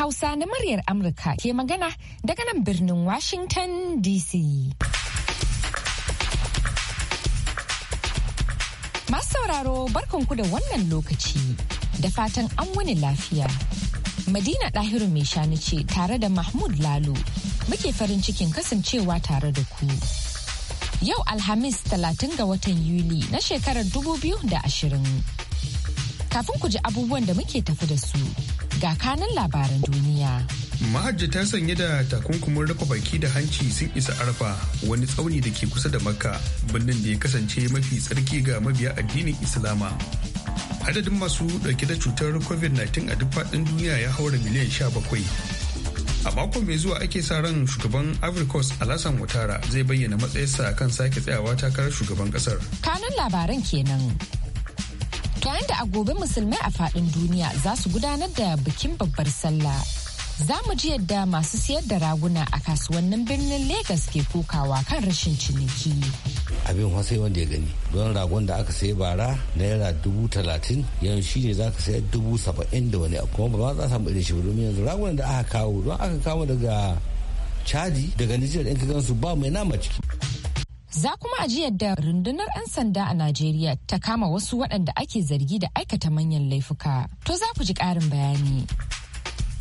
Hausa na muryar Amurka ke magana daga nan birnin Washington DC. Masu sauraro barkanku da wannan lokaci da fatan an wani lafiya. Madina ɗahiru mai shani ce tare da Mahmud Lalo muke farin cikin kasancewa tare da ku. Yau Alhamis 30 ga watan Yuli na shekarar 2020. Kafin ku ji abubuwan da muke tafi da su. ga kanan labaran duniya. ta sanye da takunkumin rufe baki da hanci sun isa arfa wani tsauni da ke kusa da makka birnin da ya kasance mafi tsarki ga mabiya addinin islama adadin masu dauke da cutar covid-19 a duk faɗin duniya ya haura miliyan sha bakwai. a mako mai zuwa ake sa ran shugaban africos alasan watara zai bayyana matsayarsa kan sake tsayawa takarar shugaban kasar kanan labaran kenan To da a gobe musulmai a faɗin duniya za su gudanar da bikin babbar sallah. Za mu ji yadda masu siyar da raguna a kasuwannin birnin Legas ke kokawa kan rashin ciniki. Abin wasai wanda ya gani don ragon da aka sayi bara naira dubu talatin yanzu shi ne za ka sayar dubu saba'in da wani abu kuma ba za a samu irin shi domin yanzu ragunan da aka kawo don aka kawo daga Chadi daga Nijar in ka gansu ba mai nama ciki. Za kuma ajiyar da rundunar 'yan sanda a Najeriya ta kama wasu waɗanda ake zargi da aikata manyan laifuka. To za ku ji ƙarin bayani.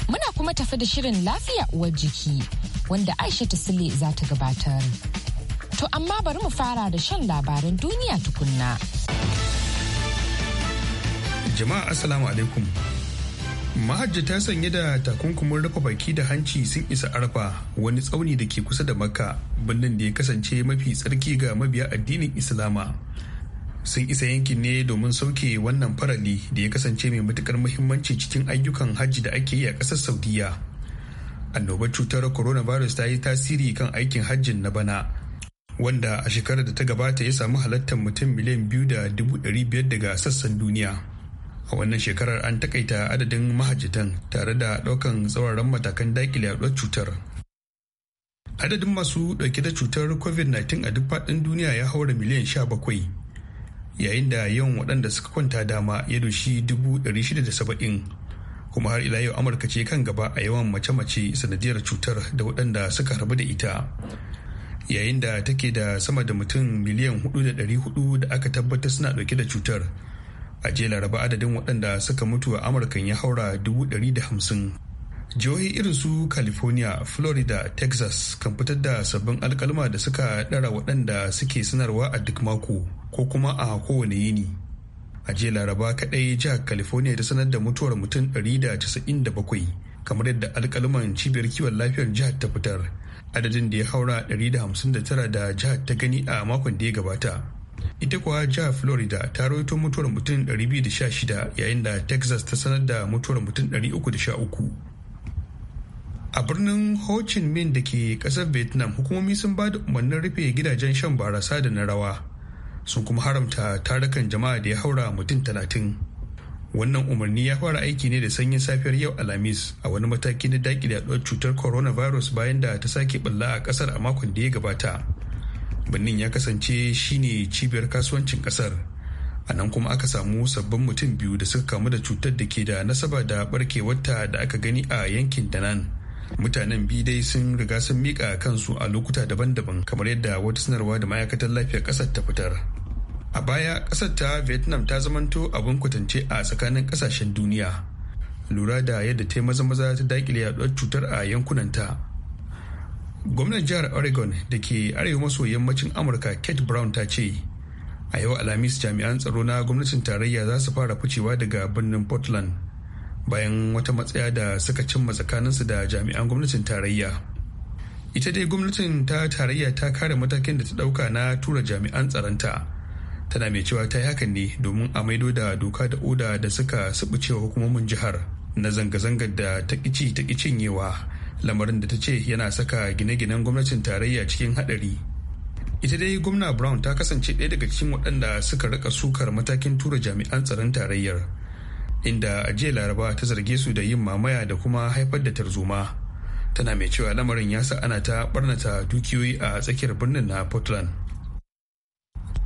Muna kuma tafi da shirin lafiya uwar jiki wanda Aisha ta Sule za ta gabatar. To amma bari mu fara da shan labaran duniya tukunna. Jama'a Assalamu alaikum. ta sanye da takunkumin rufe baki da hanci sun isa arfa wani tsauni da ke kusa da makka birnin da ya kasance mafi tsarki ga mabiya addinin islama sun isa yankin ne domin sauke wannan farali da ya kasance mai matukar muhimmanci cikin ayyukan hajji da ake yi a ƙasar saudiya annobar cutar coronavirus ta yi tasiri kan aikin hajjin na bana wanda a shekarar da ta gabata ya samu halartar mutum miliyan biyu da dubu ɗari biyar daga sassan duniya a wannan shekarar an takaita adadin mahajjatan tare da ɗaukan tsauraran matakan daƙile yaduwar cutar adadin masu ɗauke da cutar covid-19 a duk faɗin duniya ya haura miliyan 17 yayin da yawan waɗanda suka kwanta dama ya doshi 670 kuma har ila yau amurka ce kan gaba a yawan mace-mace sanadiyar cutar da waɗanda suka harbu da ita yayin da take da sama da mutum miliyan 4,400 da aka tabbatar suna ɗauke da cutar a jela laraba adadin waɗanda suka mutu a amurka ya haura 150 jihohi irin su california florida texas kan fitar da sabbin alkalma da suka ɗara waɗanda suke sanarwa a duk mako ko kuma a kowane yini a jela laraba kaɗai jihar california ta sanar da mutuwar mutum 197 kamar yadda alkalman cibiyar kiwon lafiyar jihar ta fitar adadin da ya haura 159 da jihar ta gani a makon da ya gabata ita kuwa jihar florida ta rawaito mutuwar mutum 216 yayin da texas ta sanar da mutuwar mutum 313 a birnin ho chi da ke kasar vietnam hukumomi sun ba da umarnin rufe gidajen shan barasa da na rawa sun kuma haramta tarakan jama'a da ya haura mutum 30 wannan umarni ya fara aiki ne da sanyin safiyar yau alhamis a wani mataki na daƙi da cutar coronavirus bayan da ta sake balla a kasar a makon da ya gabata birnin ya kasance shine cibiyar kasuwancin kasar a nan kuma aka samu sabbin mutum biyu da suka kamu da cutar da ke da nasaba da barkewarta da aka gani a yankin nan. mutanen biyu dai sun riga sun mika kansu a lokuta daban-daban kamar yadda wata sanarwa da ma'aikatar lafiyar ƙasar ta fitar a baya ƙasar ta vietnam ta zamanto abin kwatance a tsakanin ƙasashen duniya lura da yadda ta maza-maza ta daƙile yaɗuwar cutar a yankunanta gwamnan jihar oregon da ke arewa maso yammacin amurka kate brown ta ce a yau alhamis jami'an tsaro na gwamnatin tarayya za su fara ficewa daga birnin portland bayan wata matsaya da suka cimma tsakaninsu da jami'an gwamnatin tarayya ita dai gwamnatin ta tarayya ta kare matakin da ta dauka na tura jami'an tsaronta tana mai cewa ta yi hakan ne domin a maido da doka da oda da suka cewa hukumomin jihar na zanga-zangar da ta ƙici ta cinyewa lamarin da ta ce yana saka gine-ginen gwamnatin tarayya cikin haɗari ita dai gwamna brown ta kasance ɗaya daga cikin waɗanda suka rika sukar matakin tura jami'an tsaron tarayyar inda a jiya laraba ta zarge su da yin mamaya da kuma haifar da tarzoma tana mai cewa lamarin ya sa ana ta barnata dukiyoyi a tsakiyar birnin na portland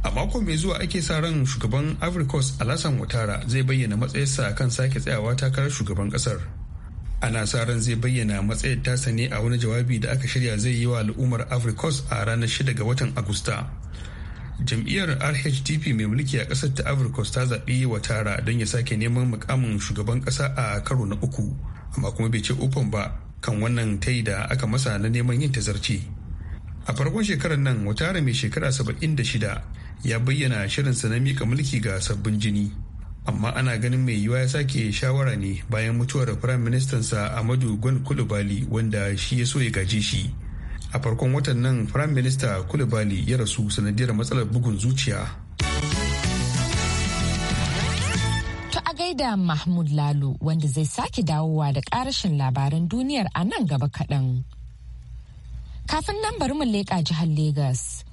a mako mai zuwa ake sa ran shugaban africos alasan watara zai bayyana matsayinsa kan sake tsayawa takarar shugaban kasar ana sa ran zai bayyana matsayin tasa ne a wani jawabi da aka shirya zai yi wa al'ummar africos a ranar 6 ga watan agusta jam'iyyar rhdp mai mulki a ƙasar ta africos ta zaɓi tara don ya sake neman mukamin shugaban ƙasa a karo na uku amma kuma bai ce ukun ba kan wannan tai da aka masa na neman yin tazarci a farkon shekarar nan watara mai shekara 76 ya bayyana shirinsa na mika mulki ga sabbin jini amma ana ganin mai yiwa ya sake shawara ne bayan mutuwar firayim ministansa amadu gwan kulubali wanda shi ya so ya gaje shi a farkon watan nan firayim minista kulubali ya rasu sanadiyar matsalar bugun zuciya to a gaida mahmud lalu wanda zai sake dawowa da karashin labaran duniyar a nan gaba kaɗan kafin nan bari mu leƙa jihar Legas.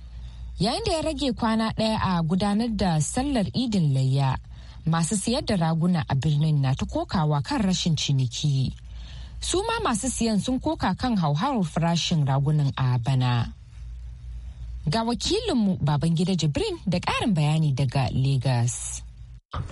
yayin da ya rage kwana ɗaya a gudanar da sallar idin layya masu siyar da raguna a birnin na ta kokawa kan rashin ciniki. Su ma masu siyan sun koka kan hauhawar farashin ragunan a bana. Ga wakilinmu Babangida Jibrin da ƙarin bayani daga Legas.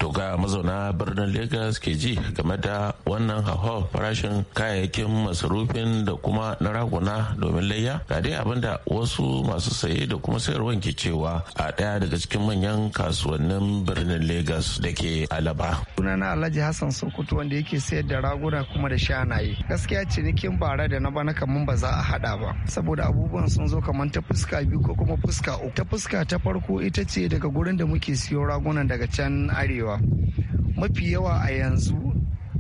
To ga mazauna birnin Legas ke ji game da wannan hauhawar farashin kayayyakin masarufin da kuma na raguna domin layya ga dai abinda wasu masu saye da kuma sayarwan ke cewa a ɗaya daga cikin manyan kasuwannin birnin Legas da ke Alaba. na Alhaji Hassan Sokoto wanda yake sayar da raguna kuma da shanaye. Gaskiya cinikin bara da na bana kaman ba za a haɗa ba saboda abubuwan sun zo kaman ta fuska biyu ko kuma fuska uku. Ta fuska ta farko ita ce daga gurin da muke siyo ragunan daga can arewa mafi yawa a yanzu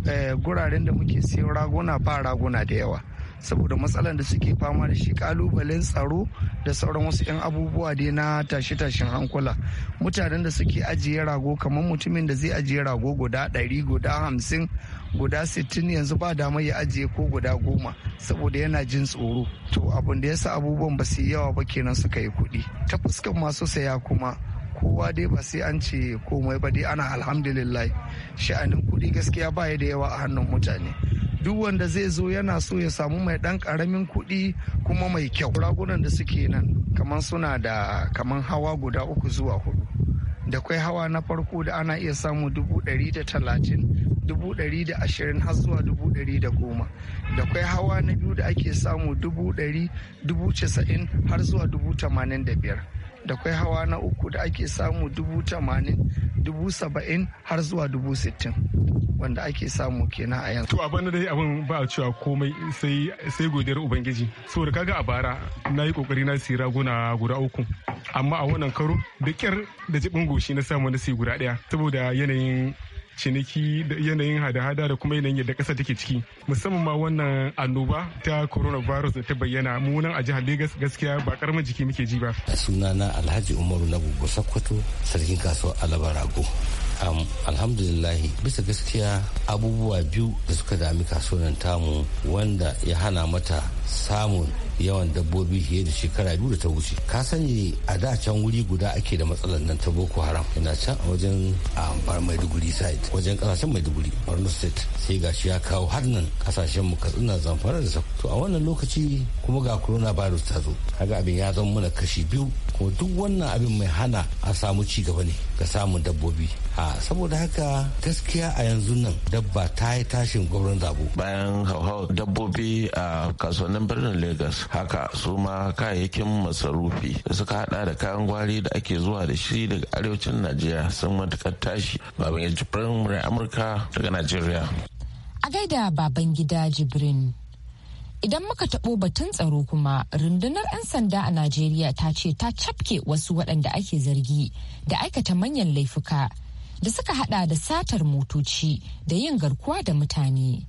eh, guraren da muke sayo raguna ba raguna da yawa saboda matsalar da suke fama da shi kalubalen tsaro da sauran wasu 'yan abubuwa dai na tashe-tashen hankula mutanen da suke ajiye rago kamar mutumin da zai ajiye rago guda ɗari guda hamsin guda sittin yanzu ba dama ya ajiye ko guda goma saboda yana jin tsoro to abin da yasa abubuwan ba su yawa ba kenan suka yi kuɗi ta fuskan masu saya kuma kowa dai ba sai an ce komai ba dai ana alhamdulillah sha'anin kuɗi gaskiya baya da yawa a hannun mutane duk wanda zai zo yana so ya samu mai ɗan karamin kuɗi kuma mai kyau ragunan da suke nan kamar suna da kamar hawa guda uku zuwa hudu da kai hawa na farko da ana iya samu dubu ɗari da talatin dubu ɗari da ashirin har zuwa dubu ɗari da goma da kai hawa na biyu da ake samu dubu ɗari dubu casa'in har zuwa dubu tamanin da biyar da kwai hawa na uku da ake samu dubu tamanin dubu saba'in har zuwa dubu sittin wanda ake samu kenan a yanzu. To a bana dai abin ba a cewa komai sai godiyar ubangiji saboda kaga a bara na yi kokari na siya raguna guda uku amma a wannan karo da kyar da jibin goshi na samu na sai guda daya saboda yanayin ciniki da yanayin hada-hada da kuma yanayin yadda ƙasa take ciki musamman ma wannan annoba ta coronavirus da ta bayyana mu nan a jihar Legas gaskiya ba karamin jiki muke ji ba sunana Alhaji Umaru Labu Sokoto sarkin kasuwar Alabarago um, lillahi bisa gaskiya abubuwa biyu da suka dami kasuwan tamu wanda ya hana mata samun yawan dabbobi fiye da shekara biyu da ta wuce ka sani a da can wuri guda ake da matsalar nan ta boko haram yana can a wajen a maiduguri site wajen kasashen maiduguri borno state sai shi ya kawo har nan kasashen mu katsina zamfara da to a wannan lokaci kuma ga corona virus ta zo kaga abin ya zama mana kashi biyu kuma duk wannan abin mai hana a samu ci gaba ne ga samun dabbobi a saboda haka gaskiya a yanzu nan dabba ta yi tashin gwamnan zabo bayan hauhau dabbobi a kasuwannin birnin lagos haka su ma kayayyakin masarufi da suka hada da kayan gwari da ake zuwa da shi daga arewacin najeriya sun matukar tashi babban ya amurka daga najeriya a gaida baban gida jibrin Idan muka taɓo batun tsaro kuma rundunar 'yan sanda a Najeriya ta ce ta cafke wasu waɗanda ake zargi da aikata manyan laifuka da suka hada da satar motoci da yin garkuwa da mutane.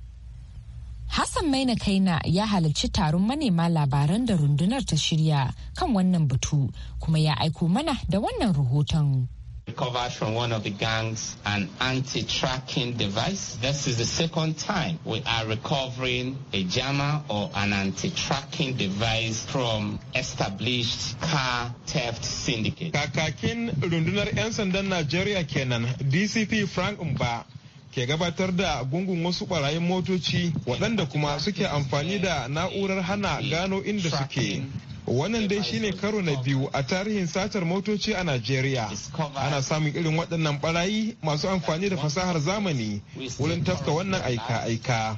Hassan Maina Kaina ya halarci taron manema labaran da rundunar ta shirya kan wannan batu kuma ya aiko mana da wannan rahoton. recovered from one of the gangs an anti-tracking device. This is the second time we are recovering a jammer or an anti-tracking device from established car theft syndicate. Kakakin rundunar 'yan sandan Najeriya kenan DCP Frank Mba ke gabatar da gungun wasu barayin motoci waɗanda kuma suke amfani da na'urar hana gano inda suke. wannan dai shine karo na biyu a tarihin satar motoci a najeriya ana samun irin waɗannan barayi masu amfani da fasahar zamani wurin tafka wannan aika-aika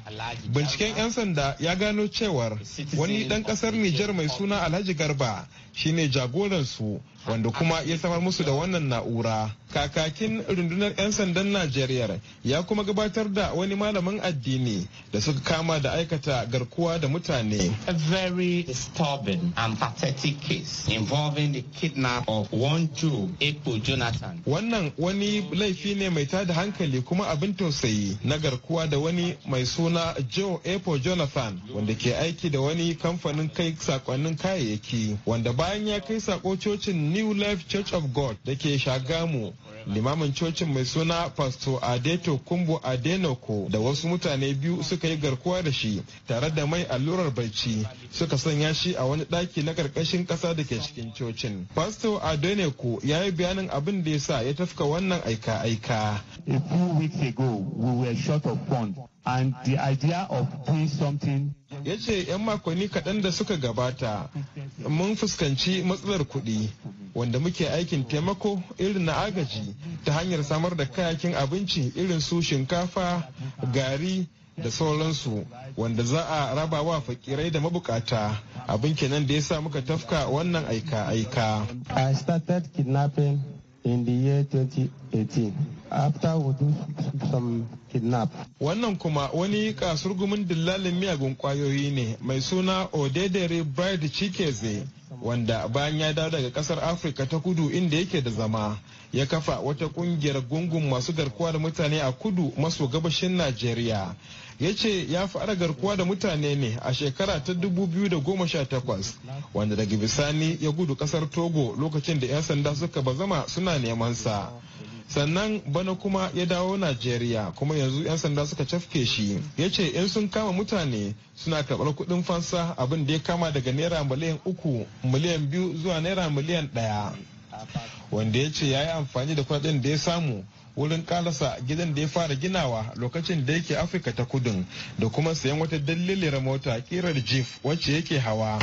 binciken 'yan sanda ya gano cewar wani ɗan ƙasar nijar mai suna alhaji garba shine jagoransu wanda kuma ya samar musu da wannan na'ura kakakin rundunar 'yan sandan najeriya ya kuma gabatar da wani malamin addini da suka kama da aikata garkuwa da mutane A very disturbing and pathetic case involving the kidnap of one Jew, Epo Jonathan. Wannan wani laifi ne mai tada hankali kuma abin tausayi na garkuwa da wani mai suna Joe Epo Jonathan wanda ke aiki da wani kamfanin kai sakonnin kayayyaki wanda bayan ya kai sako cocin New Life Church of God da ke Shagamu limamin cocin mai suna pastor adeto kumbo adenoko da wasu mutane biyu suka yi garkuwa da shi tare da mai allurar barci suka sanya shi a wani ɗaki na karkashin ƙasa da ke cikin cocin pastor adenoko ya yi bayanin abin da ya sa ya tafka wannan aika-aika a few weeks ago we were short of funds and the idea of doing something ya ce 'yan makonni kaɗan da suka gabata mun fuskanci matsalar kuɗi wanda muke aikin taimako irin na agaji ta hanyar samar da kayakin abinci irin su shinkafa gari da sauransu wanda za a raba wa fakirai da mabukata abin kenan da ya sa muka tafka wannan aika-aika. I started kidnapping in the year 2018 after we do some kidnap. Wannan kuma wani kasurgumin dillalin miyagun kwayoyi ne mai suna Odedere Bride Chikeze wanda bayan ya dawo daga kasar afirka ta kudu inda yake da zama ya kafa wata kungiyar gungun masu garkuwa da mutane a kudu maso gabashin najeriya ya ce ya fara garkuwa da mutane ne a shekara ta 2018 wanda daga bisani ya gudu kasar togo lokacin da 'yan sanda suka ba zama suna neman sa. sannan bana kuma ya dawo najeriya kuma yanzu 'yan sanda suka cafke shi ya ce in sun kama mutane suna karbar kuɗin fansa abin da ya kama daga naira miliyan uku miliyan biyu zuwa naira miliyan ɗaya wanda ya ce ya yi amfani da kuɗaɗen da ya samu wurin kalasa gidan da ya fara ginawa lokacin da yake afirka ta kudin da kuma sayan wata dalilin mota kirar jeep wacce yake hawa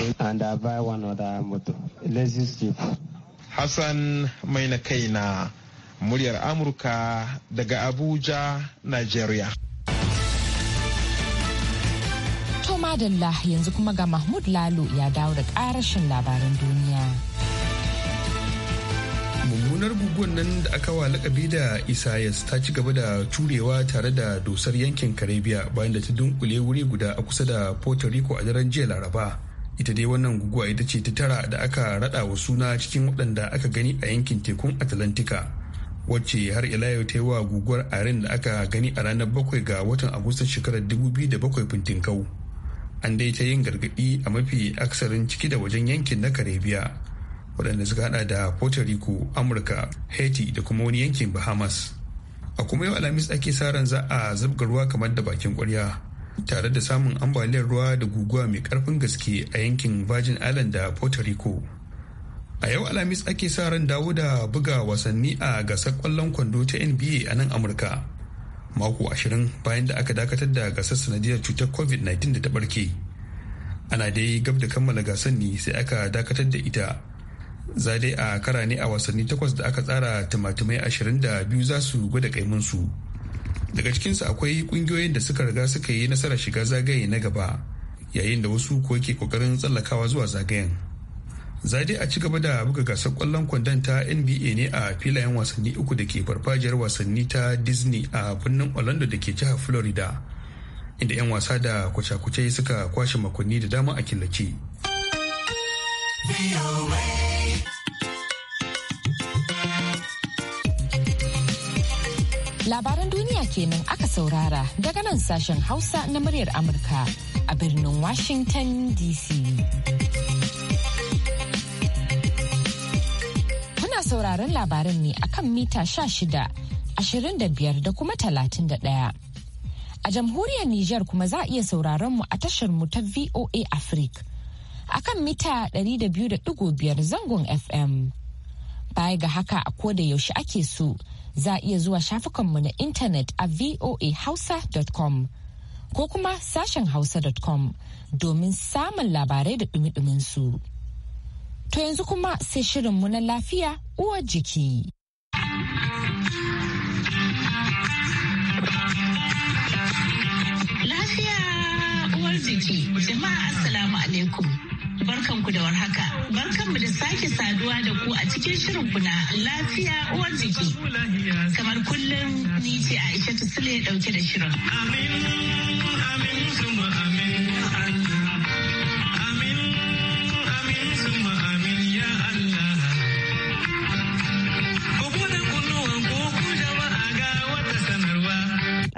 hassan mai na kaina muryar Amurka daga Abuja, Nigeria. To madalla yanzu kuma ga Mahmud Lalo ya dawo da ƙarashin labaran duniya. Mummunar guguwar nan da aka wa lakabi da Isayas ta ci gaba da turewa tare da dosar yankin Karibiya bayan da ta dunkule wuri guda a kusa da Puerto Rico a daren jiya Laraba. ita dai wannan guguwa ita ce ta tara da aka rada wa suna cikin waɗanda aka gani a yankin tekun atlantika wacce har ila yau ta yi wa guguwar arin da aka gani a ranar bakwai ga watan agustan shekarar 2007 fintinkau an dai ta yin gargaɗi a mafi aksarin ciki da wajen yankin na karibiya waɗanda suka hada da puerto rico amurka haiti da kuma wani yankin bahamas a kuma yau alhamis ake sa ran za a zabga ruwa kamar da bakin kwarya tare da samun ambaliyar ruwa da guguwa mai karfin gaske a yankin virgin island da puerto rico a yau alhamis ake sa ran dawo da buga wasanni a gasar kwallon kwando ta nba a nan amurka mako ashirin bayan da aka dakatar da gasar sanadiyar cutar covid-19 da ta barke ana dai gab da kammala gasar ne sai aka dakatar da ita za dai a kara ne a wasanni takwas da aka tsara tumatumai ashirin da biyu za su gwada su daga cikinsu akwai kungiyoyin da suka riga suka yi nasarar shiga zagaye na gaba yayin da wasu ko ke kokarin tsallakawa zuwa zagayen zai a ci gaba da buga gasar kwallon kwandon ta nba ne a filayen wasanni uku da ke farfajiyar wasanni ta disney a birnin orlando da ke jihar florida inda 'yan wasa da kwace-kwace suka kwashe makonni da dama a killace labaran duniya kenan aka saurara daga nan sashen hausa na muryar amurka a birnin washington dc sauraron labaran ne akan mita shida ashirin da da kuma talatin da ɗaya. A jamhuriyar Nijar kuma za a iya sauraron mu a tashar mu ta VOA Africa akan mita 200.5 zangon FM. Baya ga haka a da yaushe ake so za a iya zuwa shafukanmu na intanet a voahausa.com ko kuma sashen hausa.com domin samun labarai da dumi su. To yanzu kuma sai shirinmu na lafiya uwar jiki. Lafiya uwar jiki, jama'a assalamu alaikum. Barkanku da warhaka, barkanmu da sake saduwa da ku a cikin shirin na lafiya uwar jiki. Kamar kullum ni ce Aisha Tusule ya dauke da shirin. Amin, amin,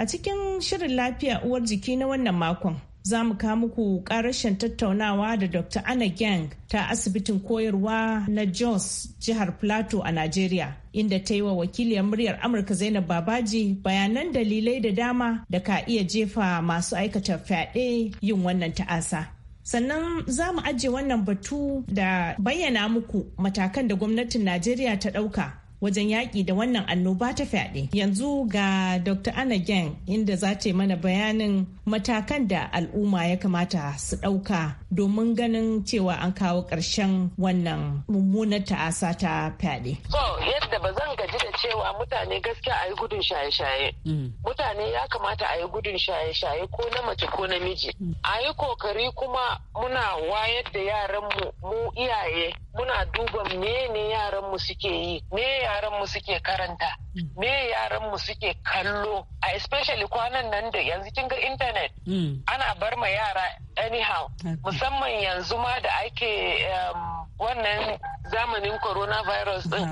A cikin shirin lafiya uwar jiki na wannan makon, za mu kawo muku karashin tattaunawa da Dr. Anna Gang ta asibitin koyarwa na Jos jihar Plateau a Najeriya, inda ta yi wa wakiliyar muryar Amurka Zainab Babaji bayanan dalilai da dama da ka iya jefa masu aikata fyaɗe yin wannan ta'asa. sannan za mu ajiye wannan batu da bayyana muku matakan da gwamnatin najeriya ta ɗauka wajen yaƙi da wannan annoba ta fyaɗe. Yanzu ga Dr. Anna Geng inda za ta mana bayanin matakan da al'umma ya kamata su ɗauka domin ganin cewa an kawo ƙarshen wannan mummunar ta'asa ta fyaɗe. So yadda ba zan gaji da cewa mutane gaskiya a yi gudun shaye-shaye. Mm. Mutane ya kamata a yi gudun shaye-shaye ko na mace ko na miji mm. A yi kokari kuma muna wayar da yaranmu mu iyaye muna duba me yaran yaranmu suke yi. Me yaran mu suke karanta me yaran mu suke kallo a especially kwanan nan da yanzu kin ga internet hmm. ana bar ma yara anyhow musamman yanzu ma da ake um, wannan zamanin coronavirus din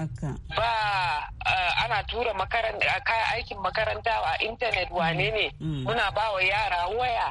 ba uh, ana tura kaya aikin makaranta a internet wane ne hmm. Hmm. muna ba wa yara waya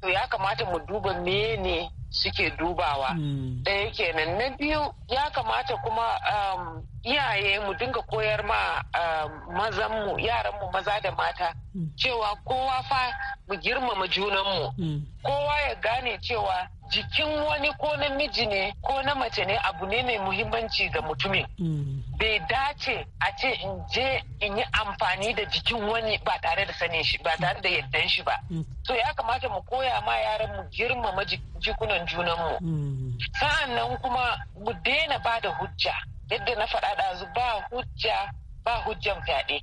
to ya kamata mu duba mene suke dubawa hmm. ɗaya kenan na biyu ya kamata kuma um, iyaye mu dinga koyar ma um, mazanmu yaranmu maza da mata hmm. cewa kowa fa mu girmama junan mu hmm. kowa ya gane cewa jikin wani ko namiji ne ko na mace ne abu ne mai muhimmanci ga mutumin mm. bai dace a ce in je in yi amfani da jikin wani ba tare da sanin shi ba tare da yardan shi ba mm. so ya kamata mu koya ma yaran mu girmama jikunan mu. Mm. sa'an nan kuma mu daina ba da hujja yadda na faɗa ɗazu ba hujja ba hujjan fyaɗe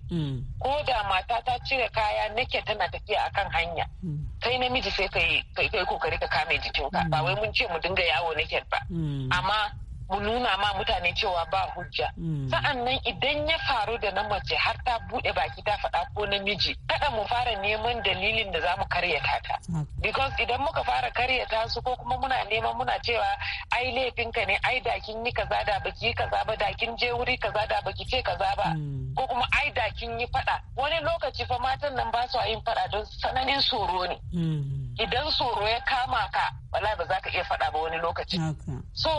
ko da mata ta cire kaya nake tana tafiya akan hanya kai namiji sai kai kai kokari ka kame jikinka ba wai mun ce mu dinga yawo naked ba hmm. amma mu nuna ma mutane cewa ba hujja hmm. sa'an nan idan ya faru da na mace har ta buɗe baki ta faɗa ko namiji kada mu fara neman dalilin da za mu karyata ta because idan muka fara karyata su ko kuma muna neman muna cewa ai laifinka ne ai dakin yi kaza da baki kaza ba dakin je wuri kaza da baki ce kaza ba hmm. ko kuma ai dakin yi faɗa wani lokaci fa matan nan ba su yin faɗa don sananin tsoro ne hmm. idan tsoro ya kama ka wala ba za ka iya faɗa ba wani lokaci. So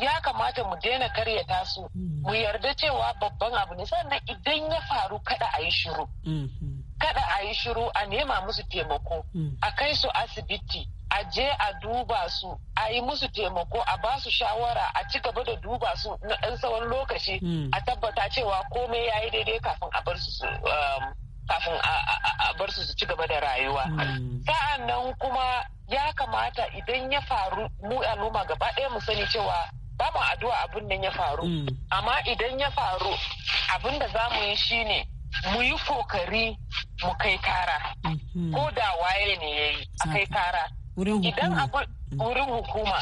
ya kamata mu daina karyata su mm. mu yarda cewa babban abu ne sannan idan ya faru kada a yi shiru. Mm-hmm. Kada a yi shiru a nema musu taimako mm. a kai su asibiti a je a duba su a yi musu taimako a ba su shawara a ci gaba da duba su na ɗan tsawon lokaci mm. a tabbata cewa komai ya yi daidai kafin a bar su um, kafin a bar su su ci gaba da rayuwa hmm. sa'an nan kuma ya kamata idan ya faru mu al'umma gaba ɗaya mu sani cewa ba mu addu'a abin nan ya faru hmm. amma idan ya faru abin da za mu yi shi ne mu yi kokari mu kai kara hmm. ko da waye ne ya yi a kai kara idan wurin hukuma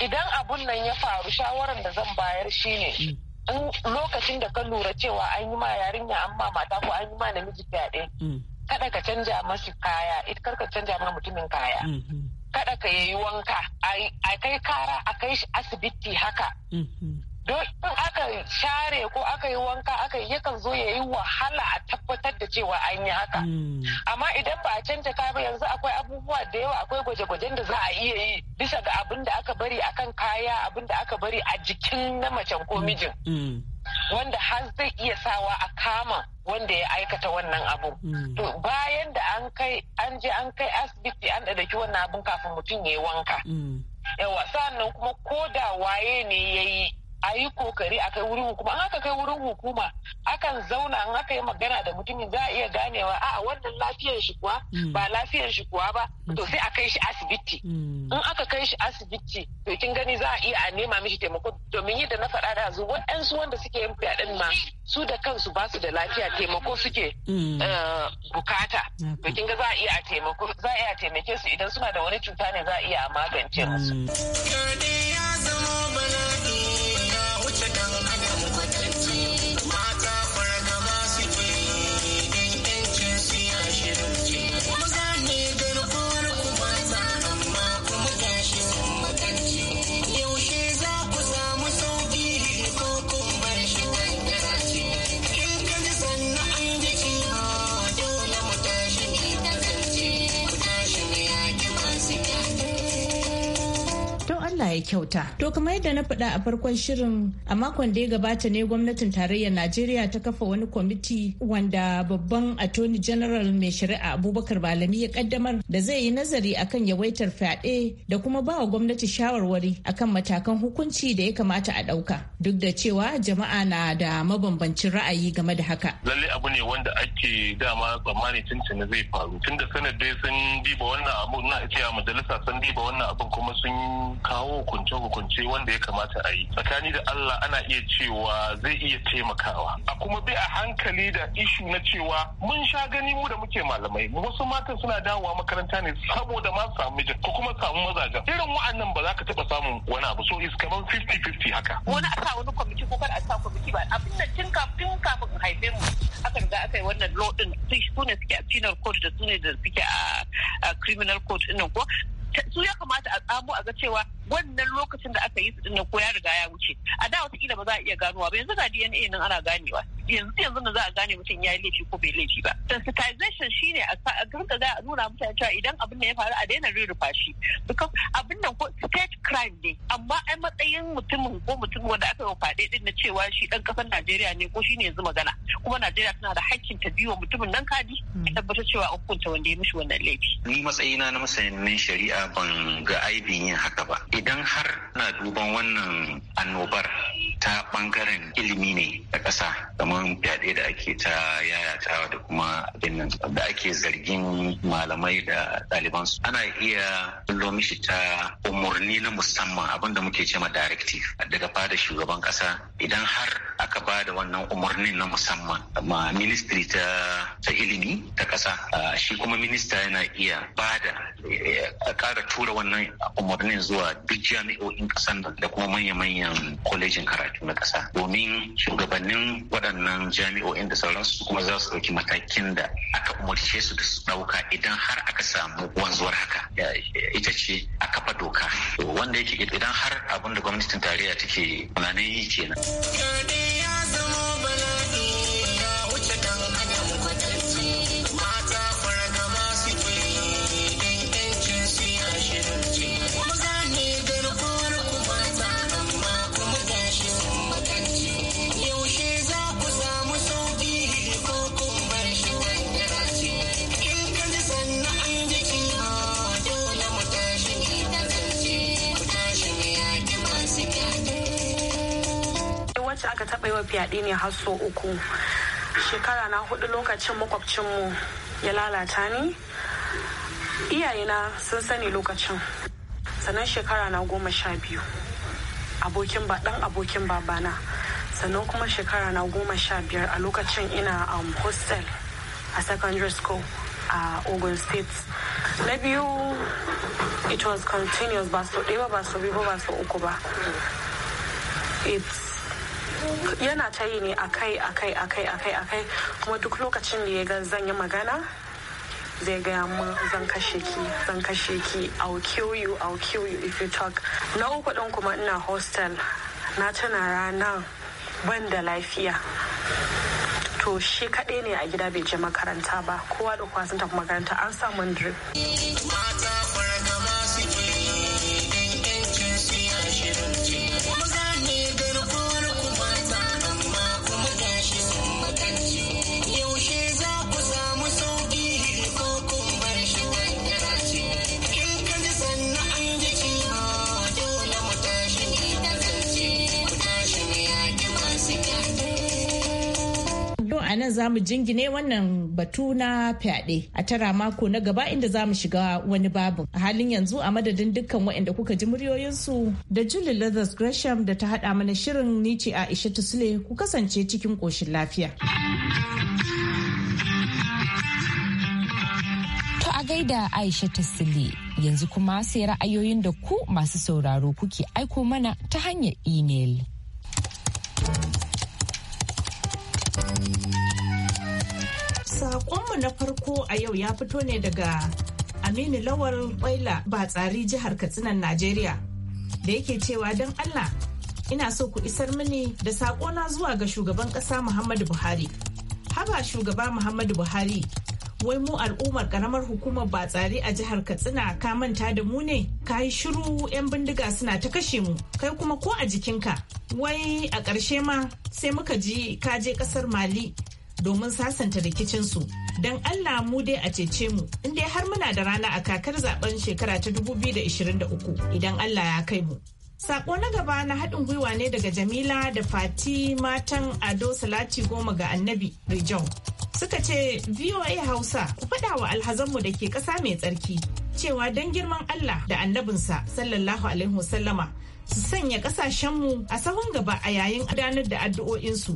idan abun nan ya faru shawaran da zan bayar shi ne. in lokacin da ka lura cewa an yi ma yarinya an ma mata ko an yi ma namiji fyaɗe mm. kada ka canja masu kaya ita ka canja ma mutumin kaya mm, mm. kada ka yi wanka a kai kara a kai shi asibiti haka don in aka share ko aka yi wanka aka yakan zo ya yi wahala a tabbatar da cewa an yi haka mm. amma idan ba a canja kaya yanzu akwai abubuwa da yawa akwai gwaje-gwajen da za a iya yi bisa ga abin da aka bari akan kaya abin da aka bari a jikin na macen ko mijin mm. wanda har zai iya sawa a kama wanda ya aikata wannan abu. Mm. To bayan da an kai an je an kai asibiti an ɗauki wannan abin kafin mutum ya yi wanka. Yawa sannan kuma ko da waye ne ya yi a yi kokari a kai wurin hukuma an aka kai wurin hukuma akan zauna an aka yi magana da mutumin za a iya ganewa a wannan lafiyar shi kuwa mm. ba lafiyar shi kuwa ba to sai a kai shi asibiti mm. in aka kai shi asibiti to kin gani za a iya a nema mishi taimako domin yadda na faɗa da su wanda suke yin fyaɗen ma su da kansu ba su da lafiya taimako suke mm. eh, bukata to kin ga za a iya a taimako za a iya taimake su idan suna da wani cuta ne za a iya a magance musu. Allah ya kyauta. To kamar yadda na faɗa a farkon shirin a makon da ya gabata ne gwamnatin tarayyar Najeriya ta kafa wani kwamiti wanda babban attorney general mai shari'a Abubakar Balami ya kaddamar da zai yi nazari akan yawaitar fyaɗe da kuma ba wa gwamnati shawarwari akan matakan hukunci da ya kamata a ɗauka. Duk da cewa jama'a na da mabambancin ra'ayi game da haka. Lalle abu ne wanda ake dama tsammani tuntuni zai faru. Tunda sanar dai sun diba wannan abu na ce a majalisa sun diba wannan abu kuma sun kawo kawo hukunce-hukunce wanda ya kamata a yi tsakani da Allah ana iya cewa zai iya taimakawa a kuma bi a hankali da ishu na cewa mun sha gani mu da muke malamai wasu matan suna dawowa makaranta ne saboda ma samu mijin ko kuma samu mazajen irin wa'annan ba za ka taba samun wani abu so is kaman 50-50 haka wani a wani kwamiti ko kar a kwamiti ba abin da tun kafin kafin haife mu aka riga aka yi wannan law din su ne suke a penal code da su ne da suke a criminal code din ko su ya kamata a tsamo a ga cewa wannan lokacin da aka yi su dinnan ko ya riga ya wuce a da wata kila ba za a iya ganowa ba yanzu ga DNA nan ana ganewa yanzu yanzu da za a gane mutum ya yi laifi ko bai laifi ba sensitization shine a ga a nuna mutane cewa idan abin da ya faru a daina rurrufa shi because abin nan ko state crime ne amma a matsayin mutumin ko mutum wanda aka yi faɗe din na cewa shi dan kasar Najeriya ne ko shine yanzu magana kuma Najeriya tana da hakkin ta biyo mutumin nan kadi tabbata hmm. tabbatar cewa a hukunta wanda ya mishi wannan laifi ni matsayina na masanin shari'a ban ga aibin yin haka ba idan har na duban wannan annobar ta bangaren ilimi ne da ƙasa kamar fyaɗe da ake ta yayatawa da kuma abin nan da ake zargin malamai da ɗalibansu ana iya kullo mishi ta umarni na musamman abin da muke cema directive daga fada shugaban ƙasa idan har aka ba da wannan umarnin na musamman ma ministry ta ilimi ta kasa. shi kuma minista yana iya ba da kara tura wannan umarnin zuwa duk jami'o'in kasan da kuma manya-manyan kwalejin karatu na kasa. domin shugabannin waɗannan jami'o'in da sauransu kuma za su ɗauki matakin da aka umarce su da su ɗauka idan har aka samu wanzuwar haka ita ce a kafa doka wanda yake idan har abin da gwamnatin tarayya take tunanin yi kenan. zama wacce aka taɓa yi wa fyaɗe ne har so uku shekara na hudu lokacin makwabcinmu ya lalata ni iyayena sun sani lokacin sannan shekara na goma sha biyu abokin ba dan abokin babana sannan kuma shekara na goma sha biyar a lokacin ina um, hostel a secondary school a ogun state na biyu it was continuous ba so ɗaya ba so biyu ba so uku ba it's yana ta yi ne akai akai akai akai akai kuma duk lokacin da ya ga zan yi magana zai gaya min zan kashe ki zan kashe ki i'll kill you i'll kill you if you talk na uku din kuma ina hostel na tana rana ban da lafiya to shi kaɗai ne a gida bai je makaranta ba kowa da kowa sun tafi makaranta an samun drip nan za mu jingine wannan batu na fyaɗe a tara mako na gaba inda za mu shiga wani babin. A halin yanzu a madadin dukkan waɗanda kuka ji muryoyinsu da Julie Leathers Gresham da ta haɗa mana shirin ni ce Aisha Tusle ku kasance cikin ƙoshin lafiya. To a gaida Aisha Tusle yanzu kuma sai ra'ayoyin da ku masu sauraro kuke aiko mana ta hanyar imel. Sakonmu na farko a yau ya fito ne daga Aminu Lawal Baila Batsari jihar Katsinan Najeriya da yake cewa don Allah ina so ku isar mini da sakona zuwa ga shugaban ƙasa Muhammadu Buhari. Haba shugaba Muhammadu Buhari wai mu al'ummar karamar hukumar batsari a jihar katsina ka manta da mu ne ka yi shiru 'yan bindiga suna ta kashe mu kai kuma ko a jikinka wai a ƙarshe ma sai muka ji ka je ƙasar mali domin sasanta rikicinsu don allah mu dai a cece mu in dai har muna da rana a kakar zaben shekara ta 2023 idan allah ya kai mu Sako na gaba na haɗin gwiwa ne daga Jamila da Fati matan Ado Salati goma ga Annabi Rijon. Suka ce VOA Hausa ku faɗa wa alhazanmu da ke ƙasa mai tsarki cewa don girman Allah da annabinsa sallallahu alaihi wasallama su sanya ƙasashenmu a sahun gaba a yayin gudanar da addu'o'insu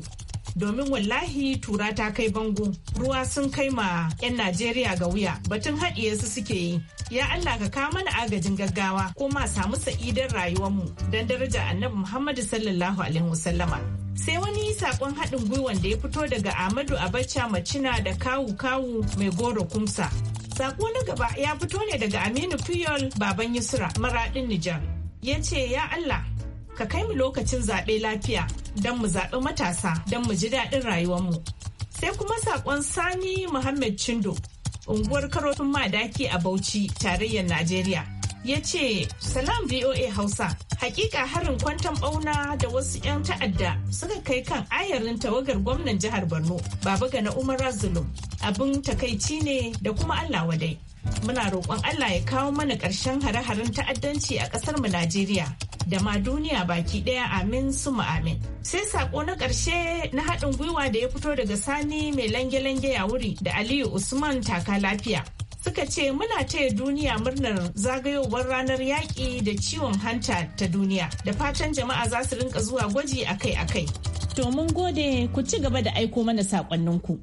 domin wallahi tura ta kai bango ruwa sun kai ma 'yan najeriya ga wuya batun haɗiye su suke yi ya allah ka kawo mana agajin gaggawa ko ma samu sa'idar rayuwarmu don daraja annabi muhammadu sallallahu alaihi wasallama sai wani saƙon haɗin gwiwan da ya fito daga amadu abacha macina da kawu kawu mai goro kumsa sako na gaba ya fito ne daga aminu fiyol baban yusra Maraɗin nijar ya ce ya allah ka kai mu lokacin zaɓe lafiya don mu zaɓi matasa don mu ji daɗin rayuwarmu. Sai kuma saƙon Sani Muhammad Chindo, unguwar karofin madaki a Bauchi, tarayyar Najeriya. Ya ce, Salam VOA Hausa, hakika harin kwantan ɓauna da wasu 'yan ta'adda suka kai kan ayarin tawagar gwamnan jihar Borno, Baba Gana Umar Zulum. Abin takaici ne da kuma Allah wadai. Muna roƙon Allah ya kawo mana ƙarshen hare-haren ta'addanci a ƙasar mu Najeriya da ma duniya baki ɗaya amin suma amin. Sai sako na ƙarshe na haɗin gwiwa da ya fito daga Sani mai lange-lange ya wuri da Aliyu Usman taka lafiya. Suka ce muna taya duniya murnar zagayowar ranar yaƙi da ciwon hanta ta duniya da fatan jama'a za su rinka zuwa gwaji akai-akai. To mun gode ku ci gaba da aiko mana saƙonninku.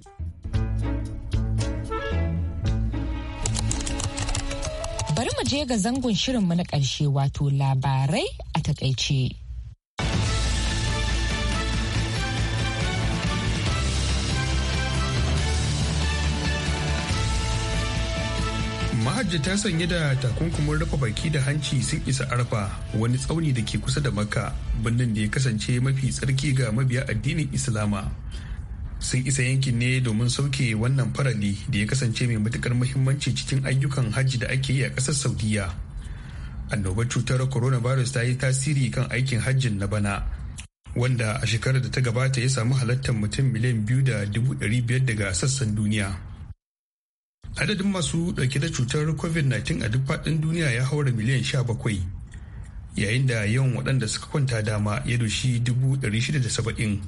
bari mu je ga zangon shirinmu na ƙarshe wato labarai a takaice. ta sanye da takunkumin rufe baki da hanci sun isa arfa wani tsauni da ke kusa da makka birnin da ya kasance mafi tsarki ga mabiya addinin islama sun isa yankin ne domin sauke wannan farali da ya kasance mai matukar muhimmanci cikin ayyukan hajji da ake yi a ƙasar saudiya annobar cutar coronavirus ta yi tasiri kan aikin hajjin na bana wanda a shekarar da ta gabata ya samu halartar mutum miliyan biyu da dubu ɗari biyar daga sassan duniya adadin masu ɗauke da cutar covid-19 a duk faɗin duniya ya haura miliyan sha bakwai yayin da yawan waɗanda suka kwanta dama ya doshi dubu ɗari shida da saba'in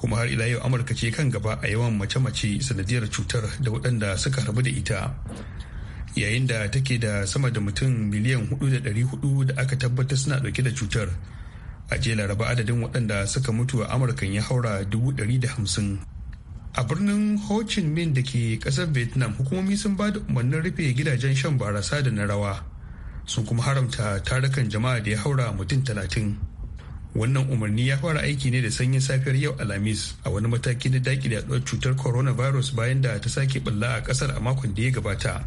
kuma har ila yau amurka ce kan gaba a yawan mace-mace sanadiyar cutar da waɗanda suka rabu da ita yayin da take da sama da mutum miliyan 4,400 da aka tabbatar suna ɗauke da cutar a je laraba adadin waɗanda suka mutu a amurka ya haura 150 a birnin ho chi minh da ke ƙasar vietnam hukumomi sun ba da umarnin rufe gidajen shan barasa da na rawa sun kuma haramta tarukan jama'a da ya haura mutum talatin wannan umarni ya fara aiki ne da sanyin safiyar yau alhamis a wani mataki na daƙi yaduwar cutar coronavirus bayan da ta sake balla a ƙasar a makon da ya gabata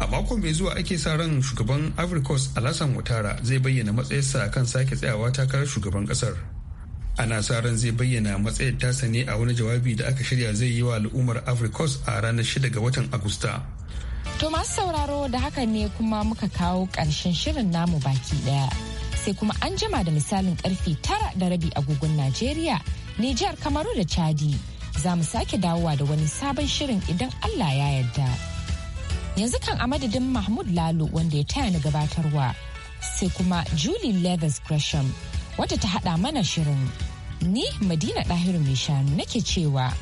a makon mai zuwa ake sa ran shugaban africos alasan watara zai bayyana matsayarsa kan sake tsayawa takarar shugaban ƙasar ana sa ran zai bayyana matsayar tasa ne a wani jawabi da aka shirya zai yi wa al'ummar africos a ranar shida ga watan agusta to masu sauraro da haka ne kuma muka kawo ƙarshen shirin namu baki ɗaya. sai kuma an jima da misalin karfe tara da rabi agogon Najeriya, Nijar Kamaru da Chadi. Za mu sake dawowa da wani sabon shirin idan Allah ya yarda. Yanzu kan a madadin Mahmud Lalo wanda ya taya ni gabatarwa, sai kuma Julie Leathers Gresham wata ta haɗa mana shirin. Ni Madina Ɗahiru mai shanu nake cewa,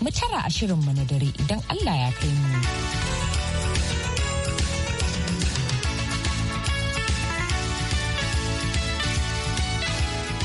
mu tara a shirinmu na dare idan Allah ya kai mu.